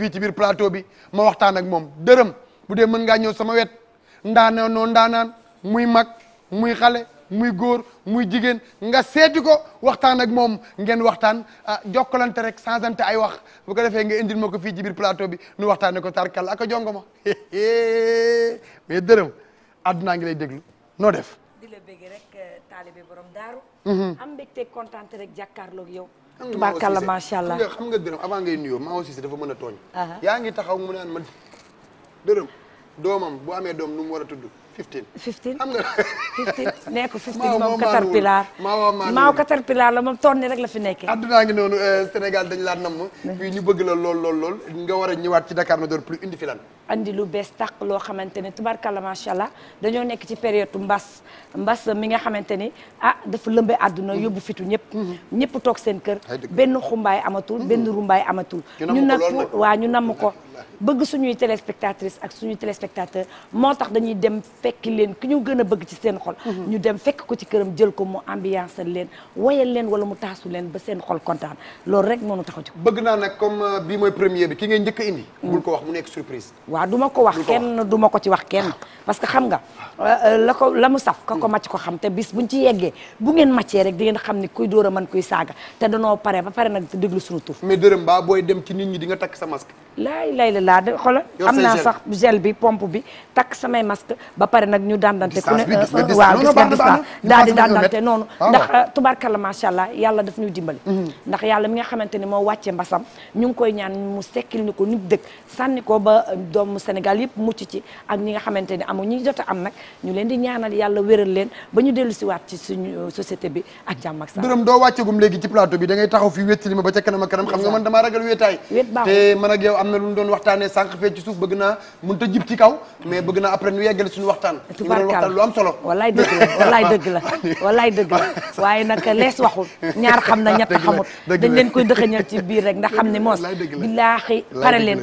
fii ci biir plateau bi ma waxtaan ak moom dërëm bu dee mën ngaa ñëw sama wet ndaanaan noo ndaanaan muy mag muy xale muy góor muy jigéen nga seeti ko waxtaan ak moom ngeen waxtaan ah jokkalante rek sansante ay wax bu ko defee nga indil ma ko fii ci biir plateau bi nu waxtaanee ko tarkal aka a jongo ma mais dërëm àddunaa ngi lay déglu noo def. di la bëgg rek eh, taalibe borom daaru. Mhm. am mbégte rek jàkkaarloog yow. tubaarkàlla macha allah nga xam nga dërëm avant ngay nuyoo maa aussi dafa mën a tooñ yaa ngi taxaw mu naan man dërëm doomam bu amee doom nu mu war a tudd 15. 15 am na 15 nee ko 15 moom caterpillar maaw caterpillar la moom tourné rek la fi nekkee addunaa ngi noonu eh, Sénégal dañ laa namm fii ñu bëgg la lool lool lool nga war a ñëwaat ci Dakar na door plus indi fi lan andi lu bees tàq loo xamante ne tubarkalla macha allah dañoo nekk ci période mbas mbas mi nga xamante ni ah dafa lëmbe àdduna mm-hmm. yóbbu fitu ñëpp mm-hmm. ñëpp toog seen kër benn xumbaay amatul mm-hmm. benn rumbaay amatul ñu nag waa ñu namm ko bëgg suñuy téléspectatrice ak suñuy téléspectateur moo tax dañuy dem fekki leen ki ñu gën a bëgg ci seen xol mhm. ñu dem fekk ko ci këram jël ko mu ambiance leen woyal leen wala mu taasu leen ba seen xol kontaan loolu rek moonu tax a jóg bëgg naa nag comme euh, bii mooy première bi ki ngay njëkk a indi mhm. bul ko wax ma ko wax kenn du ma ko ci wax kenn ah. parce que xam nga ah. euh, euh, la ko la mu saf ka ko màcc mhm. ko xam te bis buñ ci yeggee bu ngeen màccee rek di ngeen xam ni kuy dóor mën kuy saaga te danoo pare ba pare nag déglu suñu tuuf mais dërëm baa booy dem ci nit ñi di takk sa masque laay lay la laa de xoolal am naa sax gel bi pompe bi takk samay masque ba pare nag ñu daan ku ne waaw gis nga euh, gis naa daal di dandante noonu la ah, euh, tubarkalla allah yàlla daf ñuy dimbali mm-hmm. ndax yàlla mi nga xamante ni moo wàcce mbasam ñu ngi koy ñaan mu sekkil ni ko nit dëkk sànni ko ba euh, doomu Sénégal yëpp mucc ci ak nga xamante ni amu ñi jot a am nag ñu leen di ñaanal yàlla wéral leen ba ñu dellu siwaat ci suñu société bi ak jàmm ak sa dërëm doo wàccegum léegi ci plateau bi da taxaw fi wéttali ma ba ca kanam kanam xam nga man damaa ragal wéetaay te am na lu ñu doon waxtaanee sànq fee ci suuf a jib ci kaw mais bëgg naa après ñu yeggale suñu waxtaan ñu lu am solo walaay dëgg la walaay dëgg la walaay dëgg la waaye nag lees waxul ñaar xam na ñett xamut dañ leen koy dëxëñal ci biir rek ndax xam ne moos billaahi pare leen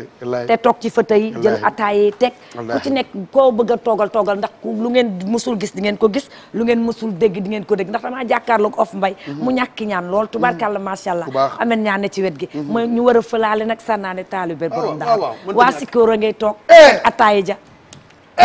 te toog ci fëtë jël ataaye teg ku ci nekk koo bëgg a toogal toogal ndax lu ngeen musul gis di ngeen ko gis lu ngeen musul dégg di ngeen ko dégg ndax damaa jàkkaarloog of mbay mhm. mu ñàkk ñaan lool mhm. tubaarkàlla macha allah amen ñaan ne ci wet gi ma mhm. ñu a borom daal waa sikkoor a ngay toog eh! ataaya ja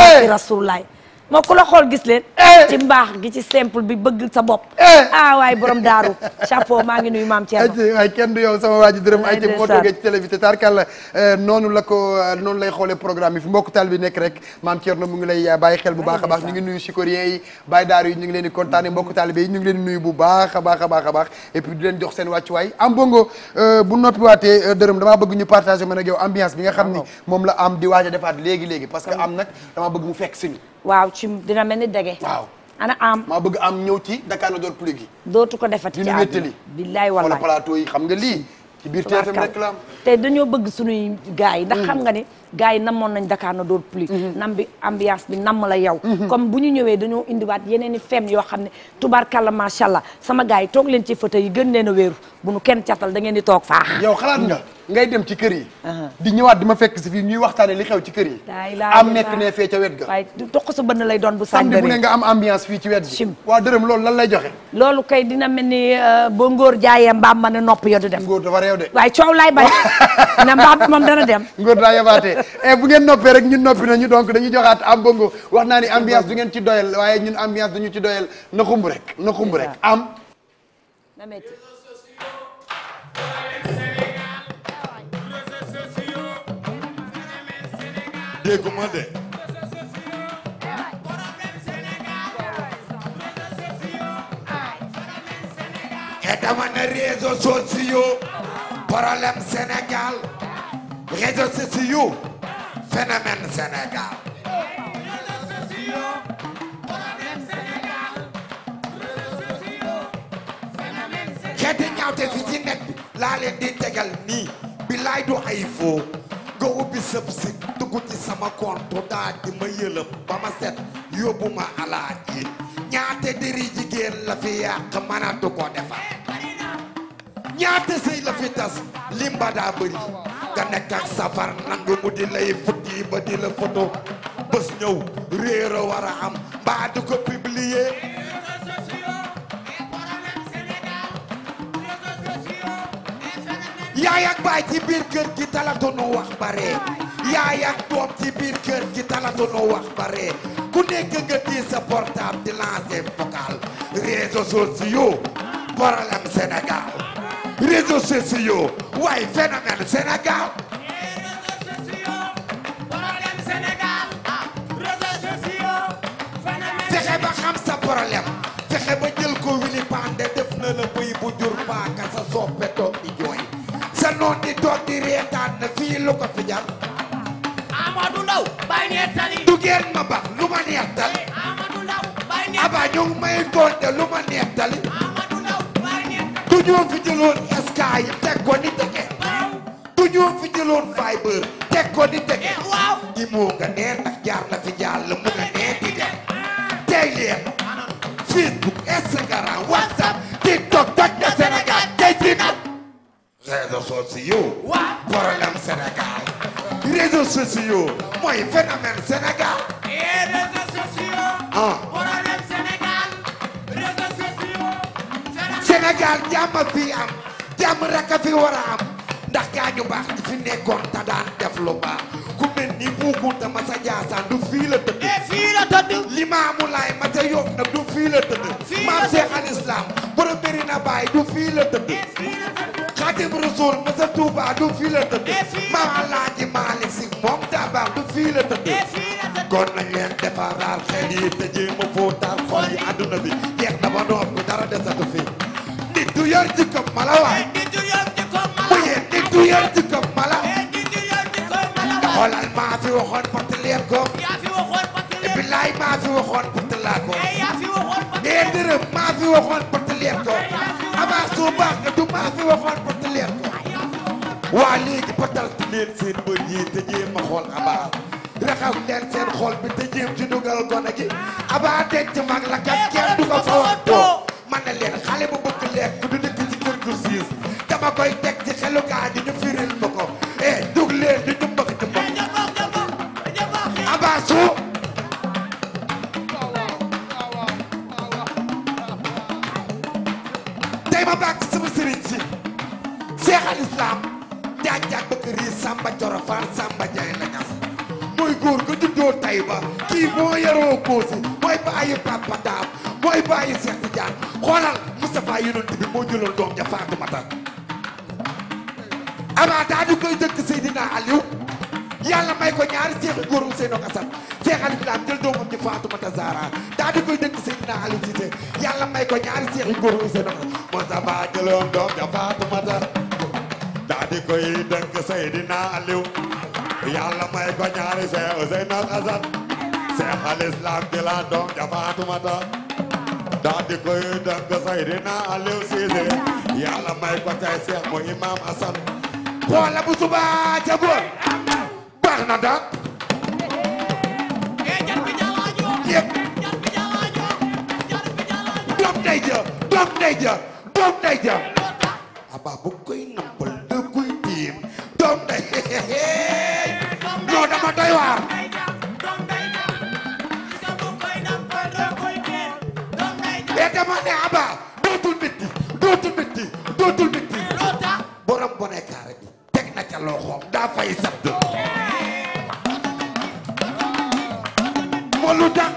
moo ku la xool gis leen. Eh. ci mbaax gi ci simple bi bëgg sa bopp. Eh. ah waaye borom daaru chapeau maa ngi nuyu maam Thierno. kenn du yow sama waa ji dërëm. ay moo toogee ci télé bi te tarkalla eh, noonu la ko noonu lay xoolee programme yi fi mbokk taal bi nekk rek maam Thierno mu ngi lay bàyyi xel bu baax a baax ñu ngi nuyu sikorien yi bàyyi daaru yi ñu ngi leen di kontaane mbokk taalibe yi ñu ngi leen nuyu bu baax a baax a baax a baax et puis di leen jox seen wàccuwaay am bongo bu noppiwaatee dërëm damaa bëgg ñu partage man ak yow ambiance bi nga xam ni ah, moom la am di waaj defaat léegi léegi parce am nag dama bëgg mu fekk suñu waaw ci dina mel ni dege. waaw ana am. maa bëgg am ñëw ci Dakar la door pluie gi. dootu ko defati ci àdduna bi li ñu wétali. billaay wallaay wala yi xam nga lii. ci biir TFM rek la te dañoo bëgg suñuy gars yi ndax xam mm. nga ni gars yi namoon nañ Dakar na door plus mm-hmm. nam bi ambiance bi nam la yow mm-hmm. comme bu ñu ñëwee dañoo indiwaat yeneen i fem yoo xam ne tubaarkàlla macha allah sama gars yi toog leen ci fauteuil yi gën leen a weer bu nu kenn catal da ngeen di toog faax yow xalaat nga ngay dem ci kër yi uh-huh. di ñëwaat di ma fekk si fii ñuy waxtaane li xew ci kër yi am nekk ne fee ca wet ga waaye toq sa bënn lay doon bu samedi bu ne nga am ambiance fii ci wet bi waa dërëm loolu lan lay joxe loolu kay dina mel ni euh, boo ngóor jaayee mbaam ma ne nopp yo du def ngóor dafa réew de ne mbaam bi moom dana dem ngóor daa yabaate e eh, bu ngeen noppee rek ñun noppi nañu donc dañu joxaat am bongo wax naa ni ambiance du ngeen ci doyal waaye ñun ambiance duñu ci doyal na xumb rek na xumb rek am problème Sénégal réseaux sociaux phénomène Sénégal. xeeti ñaawte fi ci nekk laa di tegal nii bi du ay foo nga ubbi sëb si dugg ci sama compte daa di ma yëlëb ba ma set yóbbu ñaate diri jigéen la fi yàq mënatu ko defar. ñaata sëy la fi tas lim ba bëri nga nekk safar nangu mu di lay futti ba di la photo bés ñëw réer war a am mbaa du ko publier yaay baay ci biir kër gi talatunu wax bare yaay ak doom ci biir kër gi talatunu wax bare ku nekk nga di sa portable di lancer vocal réseaux sociaux problème Sénégal réseaux sociaux waaye phénomène Sénégal. fexe ba xam sa problème fexe ba jël ko wili pande def na la bëy bu jur paaka sa soppe toog di jooy sa noon toog di reetaan na fii lu ko fi jar Amadou Ndaw bàyyi neex du geen ma bax lu ma neex aba ñu may góonte lu ma neex ñoo fi jëloon Sky teg ko ni tege du ñoo fi jëloon Viber teg ko ni di moo jaar na fi jàll mu nga nee di dem tey leen Facebook Instagram WhatsApp TikTok na Sénégal tey ci nag réseaux sociaux mooy phénomène Sénégal eh, réseaux sociaux ah. Sénégal jàmm fi am jàmm rek a fi war a am ndax gaa ñu baax ñi fi nekkoon te daan def lu baax ku mel ni Buukunta Masa Jaasaan du fii la tëdd. fii la tëdd. Limaamu Laay Masa nag du fii la tëdd. fii la tëdd Maam Cheikh Al Islam borom Medina du fii la tëdd. Xaadim Rasuul Masa Tuuba du fii la tëdd. Maam Alaaji Maalik Si moom daa baax du fii la tëdd. kon nañ leen defaraal xel yi te jéem a fóotaal xol yi àdduna bi jeex na ba noppi yardık malava. Bu yeddi yardık malava. Xoolal maa fi waxoon pati leen ko. leen ko. bilaay maa fi waxoon pati laa ko. yaa fi waxoon pati leen ko. dërëm maa fi waxoon du maa fi leen ko. waa léegi te a xool abaa. raxaw leen seen xol bi te jéem dugal gone gi. abaa denc mag la kat kenn du fa woon du siis dama koy teg ci xelu gaa di ñu firil ma ko eh, dug leen di ñu mbëkk di mbëkk abaasu tey ma bàkk sama seex al islaam jaaj jaaj riis sàmba coro faal jaay la ñas mooy góor ga juddoo tay ba kii moo yaroo koosi mooy bàyyi papa daam mooy bàyyi seex si jaan xoolal Moustapha yonent bi moo jëloon doom ja Faatumata avant daa ñu koy dëkk Seydina Aliou yàlla may ko ñaari seexi góoru Seydou Assane Seex Aliou la am jël doomam ji Faatumata Zahra daa ñu koy dëkk Seydina Aliou Cissé yàlla may ko ñaari seexi góoru Seydou Assane Moustapha jëloon doom ja Faatumata daa di koy dëkk Seydina Aliou yàlla may ko ñaari seexi Seydou Assane Seex Aliou la am jëlaat doom ja Faatumata daa di koy dagg Seydina Aliou Cissé yàlla may ko tay Cheikh mu Imam Assane xoola bu suba ca góor na daal ee eh, jar bi ja doom ja doom ja aba koy nampal da koy tiim doom day non eh, dama doy waar dama ne Aba dootul métti dootul métti dootul métti. borom bonekaare bi teg na ca loxoom daa fay sàtt. moolu tax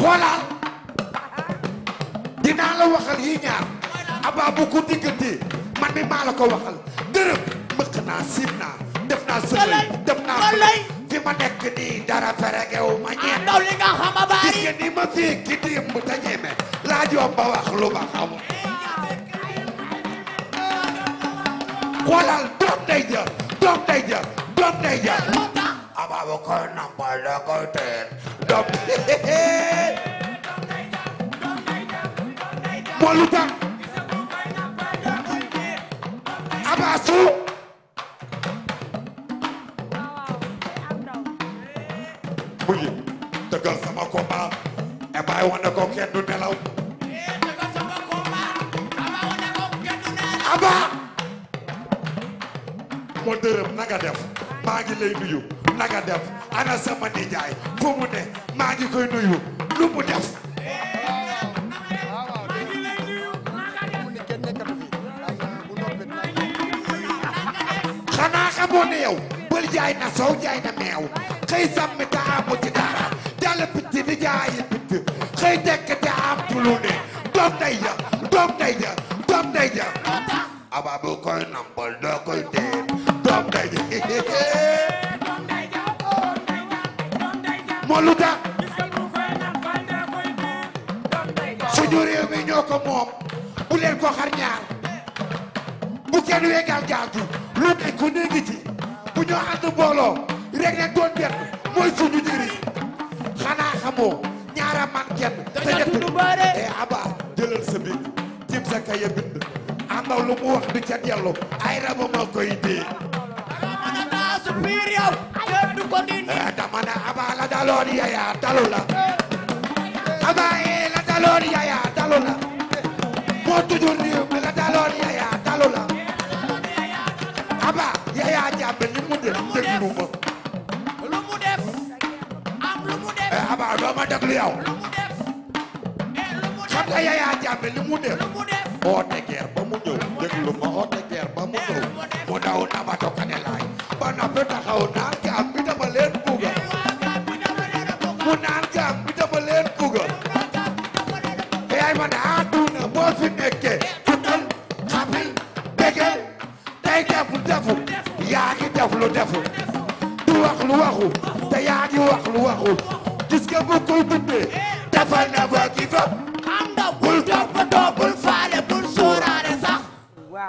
xoolal dinaa la waxal yi ñaar Aba bu ko diggante man mi maa la ko waxal dërëm mëq naa siim naa def naa sëñ def naa. fi ma nekk nii dara feregew ma ñeme ndaw li nga xam a bari gis nga ni ma fii ki dimb te ñeme laajoom ba wax lu ma xamul xoolal doom day jël doom day jël doom day jël ababa koy nampal da koy teen doom moo lu tax abaasu ko kenn du nelaw aba mo dërëm nanga def maa ngi lay nuyu nanga def ana sama nijaay fu mu ne maa ngi koy nuyu lu def xanaa xamoo ne yow bël jaay na soow jaay na meew xëy sàmm ta amu ci dara jàll picc ni jaayi xëy dekk te am tulu doom day ja doom day ja moo lu tax suñu mi ñoo ko moom bu leen ñaar bu kenn weegal jaatu lu ne ku bu ñoo ànd mbooloo rek ne doon benn mooy suñu njëriñ ñaara man kenn tëjatu e eh, aba jëlal sa bic cim sa kaya bind andaw lu mu wax du ca dellu ay raba moo koy dee mana naa su biir yow du ko dindi dama ne aba la daloon yaya dalu la aba e eh, la daloon yaya ma déglu yow xam nga Yaya Jammeh li mu def oote guerre ba mu ñëw déglu ma oote guerre ba mu ñëw mu daw na ma tokkane laay ba na ba taxaw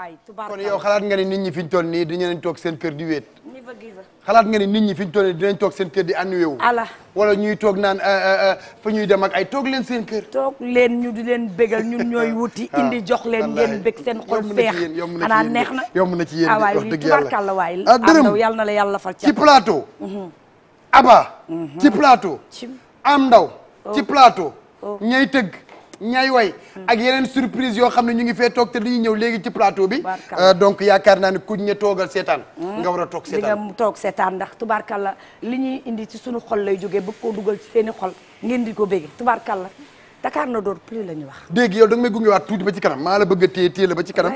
waay tubaarkalla kon yow xalaat nga ni nit ni fi ñu toll nii dinañ leen toog seen kër di wéet. xalaat nga ni nit ñi fi ñu toll nii dinañ toog seen kër di annulé wu. ñuy toog naan eh, eh, eh, fa ñuy dem ak ay toog leen seen kër. toog leen ñu di leen bégal ñun ñooy wuti. Ah, indi jox leen ngeen bég seen xol feex. xanaa neex na yomb na ci yéen na ci yéen wax dëgg yàlla tubaarkalla waay. Ah, dërëm yàlla na la yàlla fal ci plateau. Mhm. Aba. Mhm. ci plateau. Am Ndaw. Oh. ci plateau. Oh. ñay tëgg ñay way ak yeneen surprise yoo xam ne ñu ngi fee toog te dañuy ñëw léegi ci plateau bi euh, donc yaakaar naa ne kuñ ñe toogal seetaan nga war a toog seetaan di nga toog seetaan ndax tubaarkàlla li ñuy indi ci suñu xol lay jógee bëgg koo dugal ci seeni xol ngeen di ko bége tubaarkàlla Dakar na door plus la ñu wax dégg yow da nga may gungewaat tuuti ba ci kanam maa la bëgg a téye téye la ba ci kanam